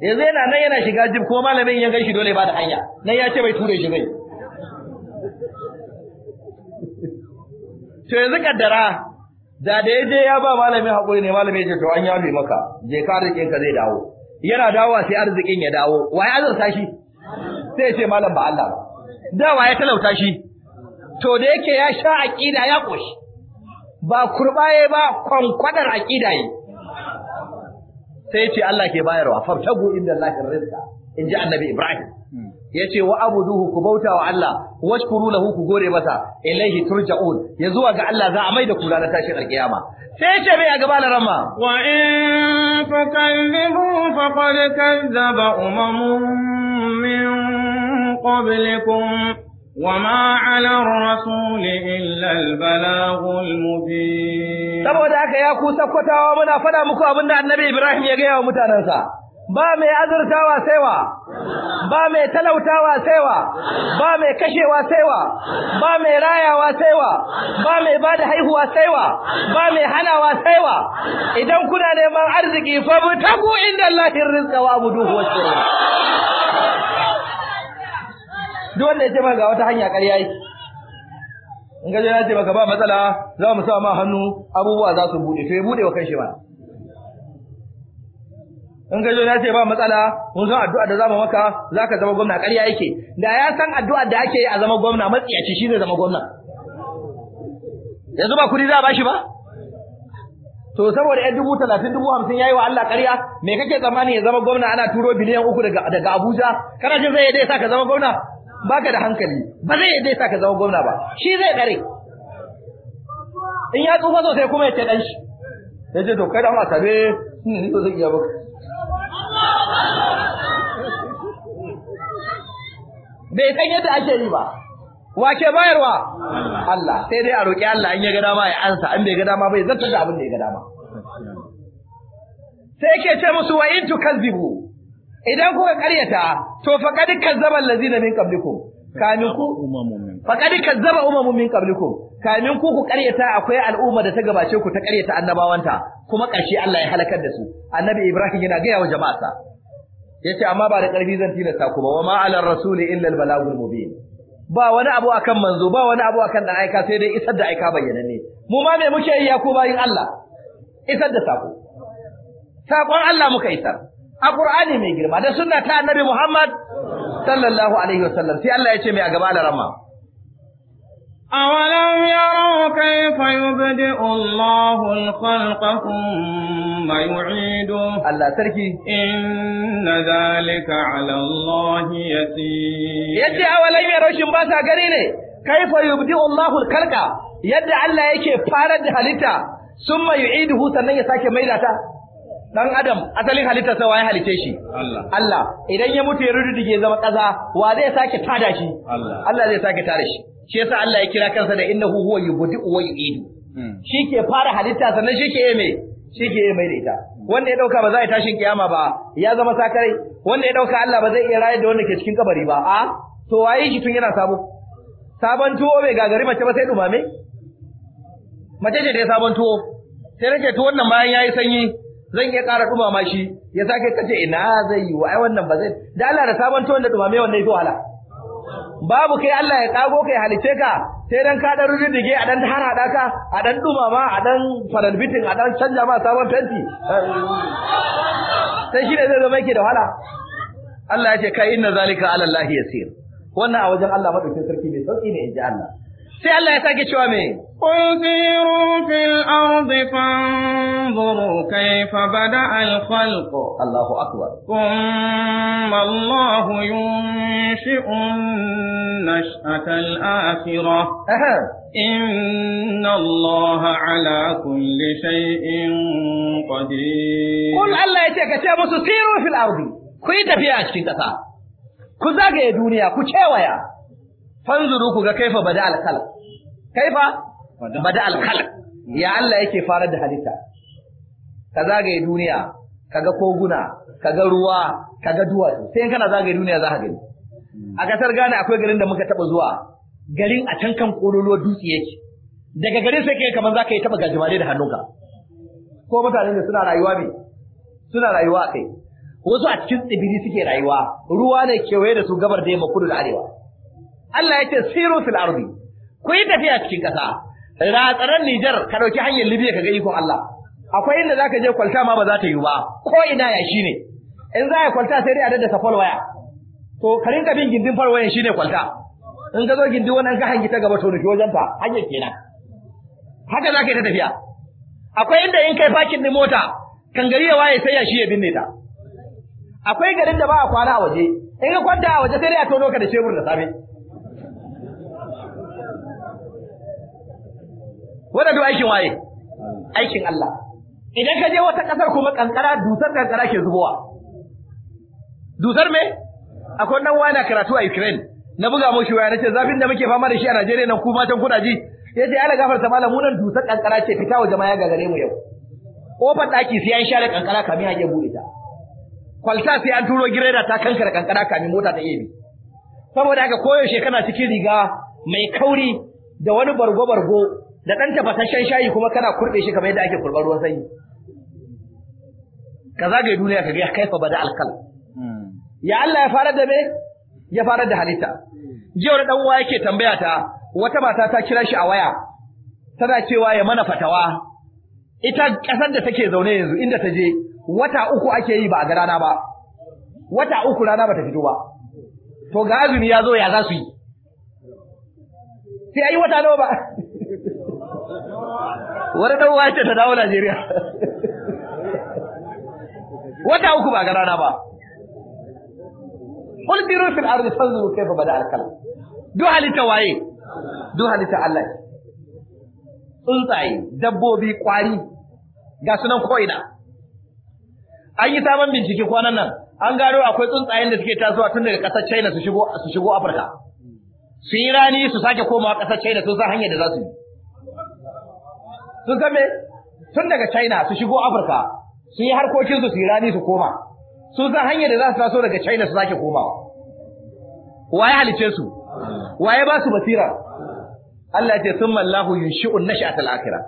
yanzu yana nan yana shiga jib ko malamin ya gan shi dole ba da hanya nan ya ce bai ture shi bai to yanzu kaddara da da ya je ya ba malamin haƙuri ne malamin ya ce to an yafe maka je ka arzikin ka zai dawo yana dawowa sai arzikin ya dawo waye azurta shi sai ya ce malam ba Allah da waye talauta shi to da yake ya sha aqida ya koshi ba kurbaye ba kwankwadar aqida yi sai ce Allah ke bayarwa fartabu inda Allahin rizqa in ji annabi Ibrahim hmm. yace wa abuduhu ku bauta wa Allah washkuru lahu ku gore masa ilaihi turja'un ya zuwa ga Allah za a maida ku ranar tashin alkiyama sai ce bai ga balaran ramma. wa in fakallibu faqad kazzaba umamun min qablikum وما على الرسول إلا البلاغ المبين saboda haka يا ku sakkwatawa muna faɗa muku abinda annabi Ibrahim ya gaya wa ba mai azurtawa saiwa ba mai talautawa saiwa ba mai kashewa saiwa ba mai rayawa saiwa ba mai bada haihuwa saiwa ba mai hanawa saiwa idan kuna neman arziki fa tagu inda Allahin rizqa wa abuduhu wa duk wanda ya ce ga wata hanya ƙarya yake in gaje ya ce maka ba matsala za mu sa ma hannu abubuwa za su bude to ya bude wa kanshi ba in gaje ya ce ba matsala mun san addu'a da zamu maka zaka zama gwamna ƙarya yake da ya san addu'a da ake yi a zama gwamna matsiyaci shi ne zama gwamna yanzu ba kudi za a bashi ba to saboda yan dubu talatin dubu hamsin yayi wa Allah ƙarya me kake tsammani ya zama gwamna ana turo biliyan uku daga daga Abuja kana jin zai yi dai sa ka zama gwamna Ba ka da hankali ba zai yadda sa ka zama gwamna ba shi zai dare in ya tsufa sosai kuma ya ce ɗan shi ya ce to kada ma tabe ni to zai iya baka bai san yadda ake yi ba wa ke bayarwa Allah sai dai a roƙi Allah in ya ga dama ya ansa in bai ga dama bai zartar da abin da ya ga dama sai ke ce musu wa in tukazzibu idan kuka karyata to faqad kazzaba allazina min qablikum kamin ku faqad kazzaba umamun min qablikum kamin ku ku karyata akwai al'umma da ta gabace ku ta karyata annabawanta kuma karshe Allah ya halakar da su annabi Ibrahim yana ga yawa jama'arsa yace amma ba da karfi zan tilasta ku ba wa ma ala rasuli illa al balagul mubin ba wani abu akan manzo ba wani abu akan dan aika sai dai isar da aika bayyana ne mu ma me muke yi ya ku bayin Allah isar da sako sakon Allah muka isar a Qur'ani mai girma da sunna ta Annabi Muhammad sallallahu alaihi wasallam sai Allah ya ce mai a gaba da rama awalam yaraw kayfa yubdi'u Allahu al-khalqa thumma yu'idu Allah sarki inna zalika 'ala Allahi yasir yaji awalam yaraw shin ba sa gari ne kayfa yubdi'u Allahu al yadda Allah yake fara da halitta summa yu'iduhu sannan ya sake maida ta dan adam asalin halitta sa waye halitte shi Allah Allah idan ya mutu ya rudige zama kaza wa zai sake tada shi Allah Allah zai sake tada shi shi yasa Allah ya kira kansa da innahu huwa yubdi wa yu'idu hmm. shi ke fara halitta sannan shi ke Shike shi ke mai da ita wanda ya dauka ba za a tashin kiyama ba ya zama sakarai wanda ya dauka Allah ba zai iya rayar da wanda ke cikin kabari ba a to waye shi tun yana sabo sabon tuwo bai gagari mace ba sai dumame mace ce da sabon tuwo sai rage tuwon nan bayan yayi sanyi zan iya ƙara dumama shi ya sake kace ina zai yi wa ai wannan ba zai da Allah da sabon tuwon da ɗumame wannan yafi wahala babu kai Allah ya kago kai halice ka sai dan ka dan rudige a dan har ka a dan dumama a dan faran bitin a dan canja ma sabon fenti sai shi ne zai zama yake da wahala Allah ya ce kai inna zalika ala Allah yasir wannan a wajen Allah madaukin sarki mai sauki ne in ji Allah sai Allah ya sake cewa me qul siru fil ardi fanzuru kayfa bada al khalq Allahu akbar thumma Allahu yunshi'u nash'ata al akhirah inna Allaha ala kulli shay'in qadir qul Allah yace ka ce musu siru fil ardi ku yi tafiya cikin kasa ku zage duniya ku cewaya fanzuru ku ga kaifa bada alkhalq kaifa bada alkhalq ya Allah yake farar da halitta ka zagaye duniya kaga koguna kaga ruwa kaga duwatsu sai in kana zagaye duniya za ka gani a kasar Ghana akwai garin da muka taba zuwa garin a can kan kololuwa dutse yake daga garin sai kai kamar zaka yi taba gajimare da hannunka ko mutanen da suna rayuwa ne suna rayuwa kai wasu a cikin tsibiri suke rayuwa ruwa ne kewaye da su gabar da yamma kudu da arewa Allah ya ce siru fil ardi ku yi tafiya cikin ƙasa ratsaran Nijar ka ɗauki hanyar Libya ka ga iko Allah akwai inda zaka je kwalta ma ba za ta yi ba ko ina ya shine in za ka kwalta sai dai a daddasa falwaya to ka rinka bin gindin falwayan shine kwalta in ka zo gindin wannan ka hangi ta gaba to nufi wajen ta hanyar kenan haka zaka yi ta tafiya akwai inda in kai fakin din mota kan gari ya waye sai ya shi ya binne ta akwai garin da ba a kwana a waje in ka kwanta a waje sai dai a tono ka da shebur da safe wanda duk aikin waye aikin Allah idan ka je wata kasar kuma kankara dusar kankara ke zubowa dusar me akwai dan wani karatu a Ukraine na buga mushi waya nace zafin da muke fama da shi a Najeriya nan kuma matan kuna ji yace ala gafar malam malamu nan dusar kankara ce fita wa jama'a ga gare mu yau kofar daki sai an share kankara kamin a je bude ta kwalta sai an turo gireda ta kankara kankara kamin mota ta ebi saboda haka koyaushe kana cikin riga mai kauri da wani bargo bargo da ɗan tabbatashen shayi kuma kana kurɓe shi kamar yadda ake kurɓar ruwan sanyi ka zagaye duniya ka ga kaifa bada alkal ya Allah ya fara da me ya fara da halitta jiyar ɗan uwa yake tambaya ta wata mata ta kira shi a waya tana cewa ya mana fatawa ita ƙasar da take zaune yanzu inda ta je wata uku ake yi ba a ga rana ba wata uku rana ba ta fito ba to ga azumi ya zo ya za su yi sai yi wata nawa ba wani ɗan wace ta dawo Najeriya wata uku ba ga rana ba Kul biro fil ardi fanzuru kayfa bada al-kal du halita waye du halita Allah tsuntsaye dabbobi kwari ga sunan koina an yi sabon bincike kwanan nan an gano akwai tsuntsayen da suke tasowa tun daga ƙasar China su shigo su shigo Afirka su yi rani su sake komawa ƙasar China sun san hanyar da za su yi sun zame tun daga China su shigo Afirka su yi harkokin su su rani su koma su san hanyar da za su taso daga China su zake komawa waye halice su waye ba su basira Allah ya ce thumma Allahu yunshi'un nash'atal akhirah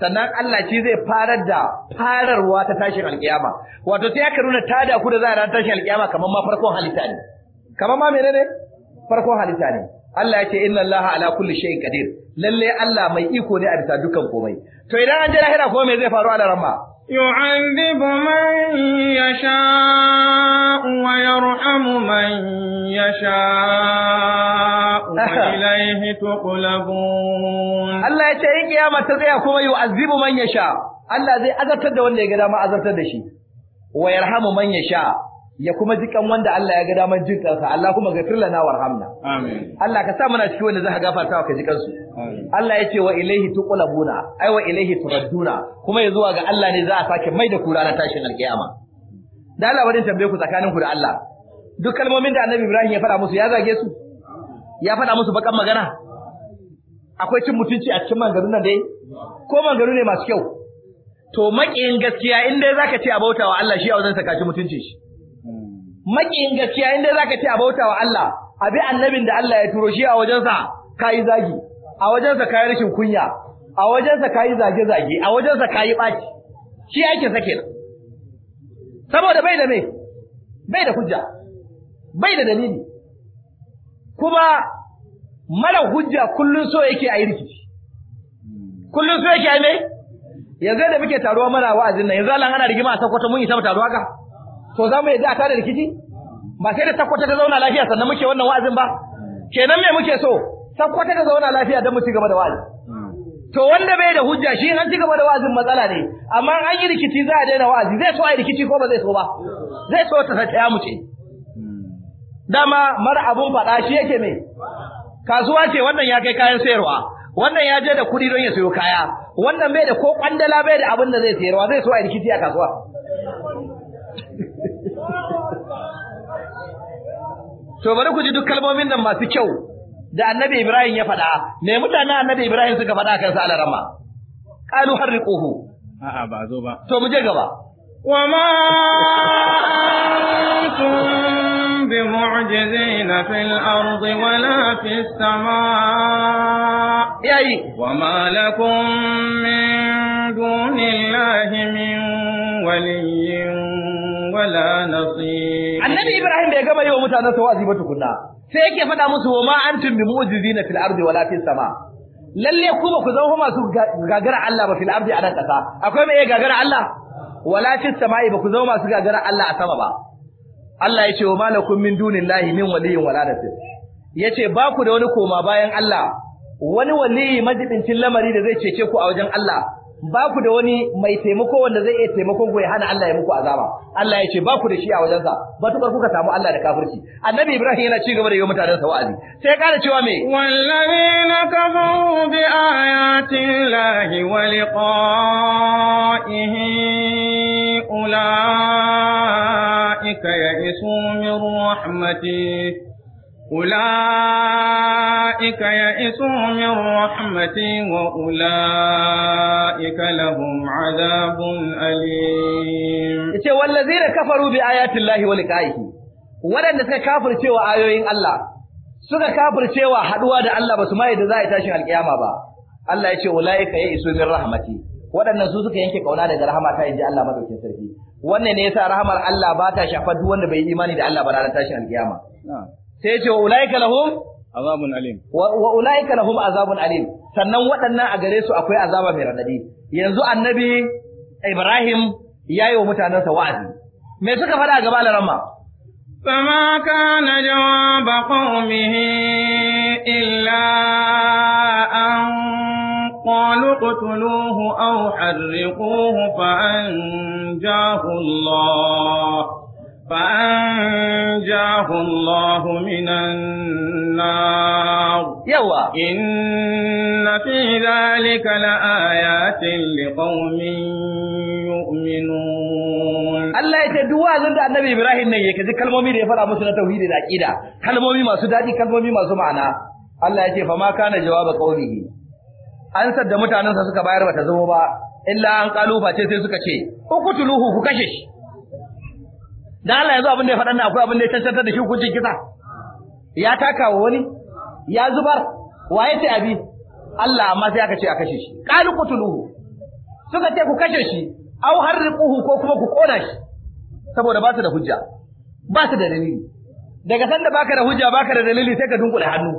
sannan Allah shi zai farar da fararwa ta tashin alkiyama wato sai aka nuna tada ku da za a ran tashin alkiyama kamar ma farkon halitta ne kamar ma menene farkon halitta ne Allah ya ce inna Allah ala kulli shay'in qadir lalle Allah mai iko ne a bisa dukan komai to idan an je lahira kuma me zai faru a ramma يعذب من يشاء ويرحم من يشاء وإليه تقلبون الله يتعين قيامة تزيكم يعذب من يشاء Allah zai azartar da wanda ya ga dama azartar da shi wa yarhamu man yasha ya kuma jikan wanda Allah ya ga daman jin kansa Allahumma firla na warhamna amin Allah ka sa muna cikin wanda zaka gafarta ka ji kansu Allah ya ce wa ilaihi tuqlabuna ai wa ilaihi turadduna kuma ya zuwa ga Allah ne za a sake mai da kura na tashin alkiyama da Allah wadin tambaye ku tsakanin ku da Allah duk kalmomin da Annabi Ibrahim ya faɗa musu ya zage su ya faɗa musu bakan magana akwai cin mutunci a cikin mangaru nan dai ko mangaru ne masu kyau to maƙiyin gaskiya in dai zaka ce a bautawa Allah shi a wajen sakaci mutunci shi makiyin gaskiya inda zaka ce a bauta wa Allah abi annabin da Allah ya turo shi a wajensa kai zagi a wajensa kai rashin kunya a wajensa kai zage zage a wajensa kai baci shi yake sake nan saboda bai da me bai da hujja bai da dalili kuma mara hujja kullun so yake yi rikici kullun so yake yi me yanzu da muke taruwa mana wa'azin nan yanzu Allah ana rigima a sakwata mun yi sama taruwa ka to za mu yadda a da rikici ba sai da takwata ta zauna lafiya sannan muke wannan wa'azin ba kenan me muke so takwata ta zauna lafiya don mu ci gaba da wa'azi to wanda bai da hujja shi an ci gaba da wa'azin matsala ne amma an yi rikici za a daina wa'azi zai so a yi rikici ko ba zai so ba zai so ta ta mu ce dama mara abun faɗa shi yake me kasuwa ce wannan ya kai kayan sayarwa wannan ya je da kuɗi don ya sayo kaya wannan bai da ko kwandala bai da abin da zai sayarwa zai so a yi rikici a kasuwa to bari ku ji duk kalmomin nan masu kyau da annabi Ibrahim ya faɗa me mutanen annabi Ibrahim suka faɗa kan sa alarama qalu harriquhu a'a ba zo ba to mu je gaba wa ma antum bi mu'jizina fil ardi wa la fis samaa wa ma min dunillahi min waliyyin Wala Annabi Ibrahim ولا نصير النبي إبراهيم بيقى ما يوم متى نسوا أزيبة كنا سيكي فدا مسوا وما أنتم بمؤجزين في الأرض wala في السماء lalle ku ba ku zama masu gagara Allah ba fil ardi nan kasa akwai mai gagara Allah wala fi samai ba ku zama masu gagara Allah a sama ba Allah ya ce wa malakum min dunillahi min waliyyin wala nasir yace ba ku da wani koma bayan Allah wani waliyi majibincin lamari da zai cece ku a wajen Allah ba ku da wani mai taimako wanda zai iya taimakon ku ya hana Allah ya muku azaba Allah ya ce ba ku da shi a wajensa ku ka samu Allah da kafirci annabi Ibrahim yana ci gaba da yi mutanen sa wa'azi sai ya kara cewa me wallazina kafaru bi ayati llahi wa liqa'ihi ulaika ya'isu min rahmatihi أولئك يئسوا من رحمتي وأولئك لهم عذاب أليم والذين كفروا بآيات الله ولقائه waɗanda suka kafircewa ayoyin Allah suka kafircewa haɗuwa da Allah ba su ma yadda za a yi tashin alƙiyama ba Allah ya ce ulaika ya isu min rahmati waɗannan su suka yanke kauna daga rahama ta inji Allah madaukin sarki wannan ne yasa rahamar Allah ba ta shafa duk bai yi imani da Allah ba ranar tashin alƙiyama sai ce wa ulaika lahum azabun alim wa ulaika lahum azabun alim sannan waɗannan a gare su akwai azaba mai radadi yanzu annabi Ibrahim ya yi wa mutanensa wa'azi me suka faɗa gaba da rama فما كان جواب قومه إلا أن قالوا اقتلوه أو حرقوه فأنجاه الله فأنجاه الله من النار يوا إن في ذلك لآيات لقوم يؤمنون Allah ya ce duk wazin da Annabi Ibrahim ne yake kalmomi da ya faɗa musu na tauhidi da aqida kalmomi masu daɗi kalmomi masu ma'ana Allah ya ce fa ma kana jawaba qaulihi an da mutanansa suka bayar ba ta zama ba illa an kalufa sai suka ce ukutuluhu ku kashe shi da Allah yanzu abin da ya faɗa akwai abin da ya cancanta da shi hukuncin kisa ya taka wa wani ya zubar waye ce abi Allah amma sai aka ce a kashe shi qalu qutuluhu suka ce ku kashe shi au harriquhu ko kuma ku kona shi saboda ba su da hujja ba su da dalili daga san da baka da hujja baka da dalili sai ka dunkule hannu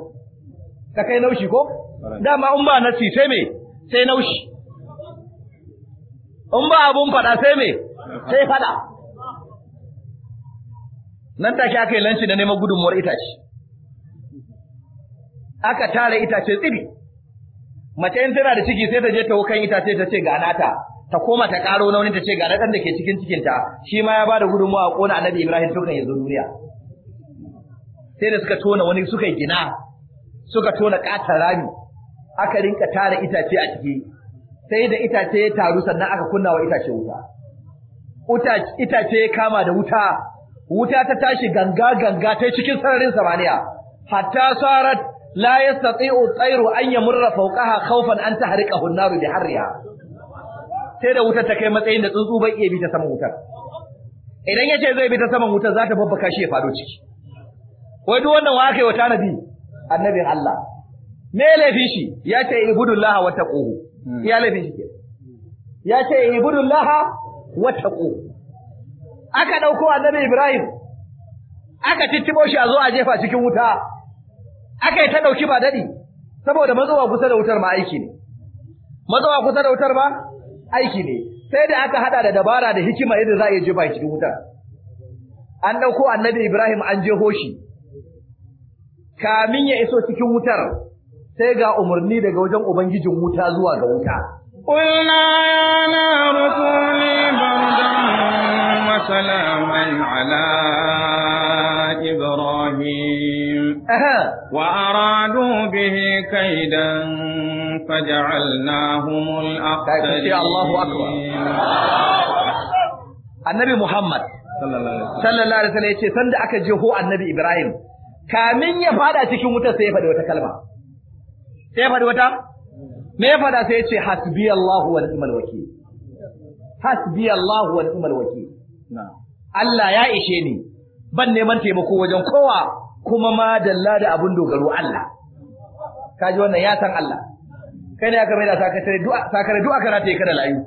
ka kai naushi ko dama in ba nasi sai me sai naushi in ba abun faɗa sai me sai faɗa nan take aka yi lanci da neman gudunmuwar itace aka tara itace tsibi mace in tana da ciki sai ta je ta wukan itace ta ce ga nata ta koma ta karo na wani ta ce ga ɗan da ke cikin cikinta shi ma ya bada gudunmuwa a ƙona annabi Ibrahim tukan ya zo duniya sai da suka tona wani suka yi gina suka tona ƙatar rami aka rinka tara itace a ciki sai da itace ya taru sannan aka kunna wa itace wuta itace ya kama da wuta wuta ta tashi ganga ganga ta cikin sararin samaniya hatta sarat la yastati'u tsairu an yamurra fawqaha khawfan an tahriqahu an-naru harriha sai da wutar ta kai matsayin da tsuntsu bai iya bi ta saman wutar idan ya ce zai bi ta saman wutar za ta babbaka shi ya fado ciki wai duk wannan wa aka yi wa tanabi annabin Allah me laifin shi ya ce ibudullah wa taquhu ya laifin shi ya ce ibudullah wa taquhu aka ɗauko annabi Ibrahim aka tittibo shi a zo a jefa cikin wuta aka yi ta ɗauki ba daɗi saboda matsowa kusa da wutar ma aiki ne matsowa kusa da wutar ma aiki ne sai da aka haɗa da dabara da hikima yadda za a iya jefa cikin wutar an ɗauko annabi Ibrahim an jeho shi kamin ya iso cikin wutar sai ga umarni daga wajen ubangijin wuta zuwa ga wuta qulna ya naru kuni وسلاما على إبراهيم وأرادوا به كيدا فجعلناهم الأخسرين الله أكبر النبي محمد sallallahu alaihi wasallam yace sanda aka je ho annabi Ibrahim kamin ya fada cikin wuta sai ya fada wata kalma sai ya fada wata me ya fada sai yace hasbi Allah wa Allah ya ishe ni ban neman taimako wajen kowa kuma ma dalla da abun dogaro Allah kaji wannan ya san Allah kai ne aka mai da sakare du'a sakare du'a kana yi kada layu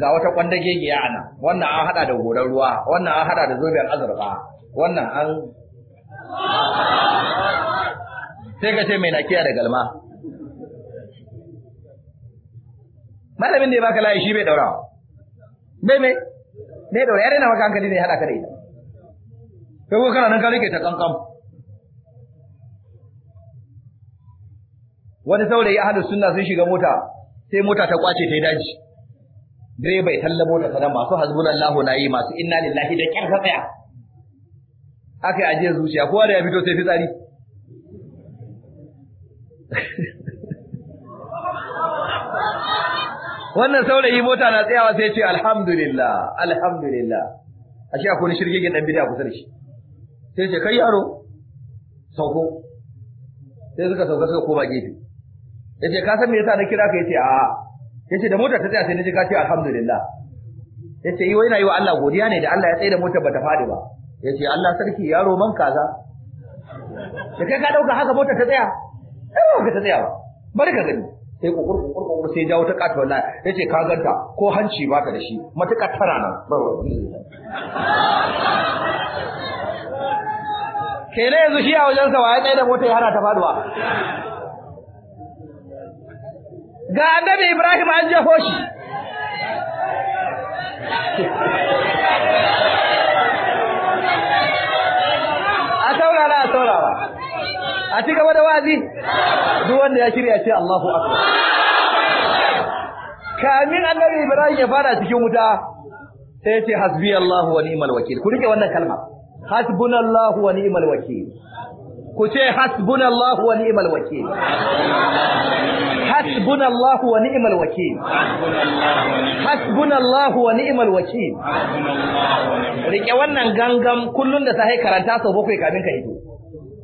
ga wata kwandage giya ana wannan an hada da goran ruwa wannan an hada da zobiyar azurfa wannan an sai ka ce mai nakiya da galma malamin da ya baka layi shi bai daurawa Mai mai ne da yare maka hankali ne ya haɗa ka da ita Sai kuma kana nan ka rike ta kankan wani saurayi ahadu sunna sun shiga mota sai mota ta kwace ta yi daji direba ya talla mota sanan masu na yi masu inna lillahi da kyar tsaya aka yi ajiyar zuciya kowa da ya fito sai fitsari wannan saurayi mota na tsayawa sai ce alhamdulillah alhamdulillah ashe akwai shirgegen dan bid'a kusa da shi sai ce kai yaro sauko sai suka sauka suka koma gefe yace ka san me yasa na kira ka yace a yace da mota ta tsaya sai naji ka ce alhamdulillah yace yi wai na yi wa Allah godiya ne da Allah ya tsaye da motar ta fadi ba yace Allah sarki yaro man kaza da kai ka dauka haka motar ta tsaya ai ba ta tsaya ba bari ka gani sai ku kurku kurku kurku sai jawo ta kata wallahi yace ka ganta ko hanci baka da shi matukar tara nan kenan yanzu shi a wajen sa waye da mota ya hana ta faduwa ga annabi Ibrahim an jefo shi a ci gaba da wazi duk wanda ya shirya ce Allahu akbar kamin annabi Ibrahim ya fara cikin wuta sai ya ce hasbi Allahu wa ni'mal wakil ku rike wannan kalma hasbunallahu wa ni'mal wakil ku ce hasbunallahu wa ni'mal wakil hasbunallahu wa ni'mal wakil hasbunallahu wa ni'mal wakil rike wannan gangam kullun da sai karanta sau bakwai kamin ka hito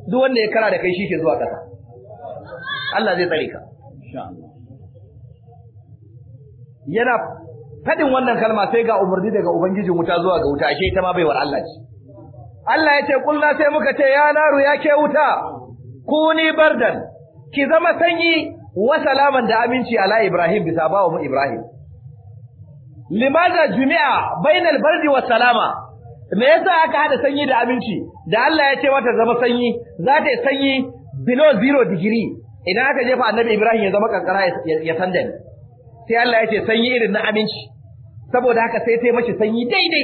duk wanda ya kara da kai shi ke zuwa ƙasa Allah zai tsare ka yana fadin wannan kalma sai ga umarni daga ubangijin wuta zuwa ga wuta ashe ita ma baiwar Allah ce Allah ya ce kullu sai muka ce ya naru ya ke wuta kuni bardan ki zama sanyi wa salaman da aminci ala Ibrahim bisa bawa mu Ibrahim limaza jumi'a bainal bardi wa salama me yasa aka hada sanyi da aminci da Allah ya ce mata zama sanyi za ta yi sanyi below zero degree idan aka jefa annabi Ibrahim ya zama kankara ya sanda ne sai Allah ya ce sanyi irin na aminci saboda haka sai ta yi mashi sanyi daidai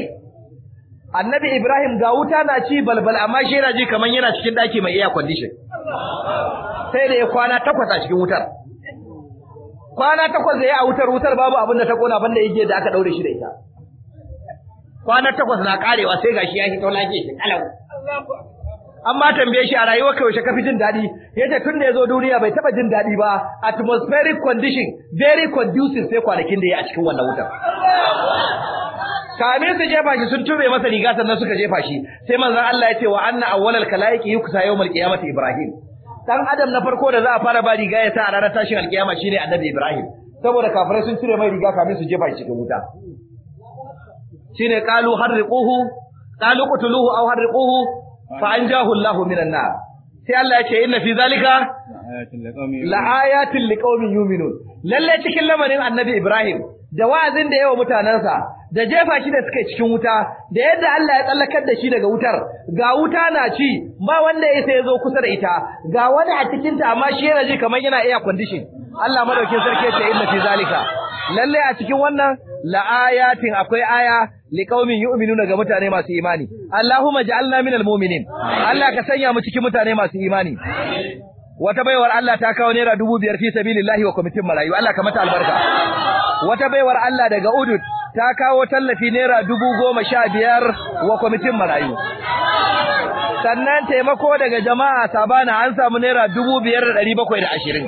annabi Ibrahim ga wuta na ci balbal amma shi yana ji kamar yana cikin daki mai air condition sai da ya kwana takwas a cikin wutar kwana takwas da ya a wutar wutar babu abin da ta kona banda yake da aka daure shi da ita kwana takwas na karewa sai gashi ya hito lage shi kalau amma tambaye shi a rayuwar kaushe yaushe ka jin daɗi yace tun da yazo duniya bai taba jin daɗi ba atmospheric condition very conducive sai kwanakin da ya a cikin wannan wutar kamin su jefa shi sun tube masa riga sannan suka jefa shi sai manzon Allah ya ce wa anna awwalal khalaiqi yau yawmal qiyamati ibrahim dan adam na farko da za a fara ba riga ya sa a ranar tashin alkiyama shine annabi ibrahim saboda kafirai sun cire mai riga kamin su jefa shi cikin wuta shine qalu harriquhu qalu qutuluhu aw harriquhu fa anjahu Allah minan nar sai Allah yake inna fi zalika la ayatin liqaumin yu'minun lalle cikin lamarin annabi Ibrahim da wa'azin da yawa mutanansa da jefa shi da suke cikin wuta da yadda Allah ya tsallakar da shi daga wutar ga wuta na ci ba wanda ya sai zo kusa da ita ga wani a cikin ta amma shi yana ji kamar yana air condition Allah madaukin sarki ya ce inna fi zalika lalle a cikin wannan la ayatin akwai aya liqaumin yu'minuna ga mutane masu imani Allahumma ja'alna minal mu'minin Allah ka sanya mu cikin mutane masu imani wata baiwar Allah ta kawo naira dubu biyar fi sabilillahi wa kwamitin marayu Allah ka mata albarka wata baiwar Allah daga Udud ta kawo tallafi naira dubu goma sha biyar wa kwamitin marayu sannan taimako daga jama'a sabana an samu naira dubu biyar da ɗari bakwai da ashirin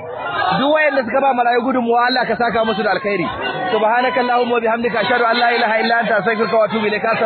duk wayanda suka ba marayu gudunmuwa Allah ka saka musu da alkhairi subhanakallahumma wa bihamdika ashhadu an la ilaha illa anta astaghfiruka wa atubu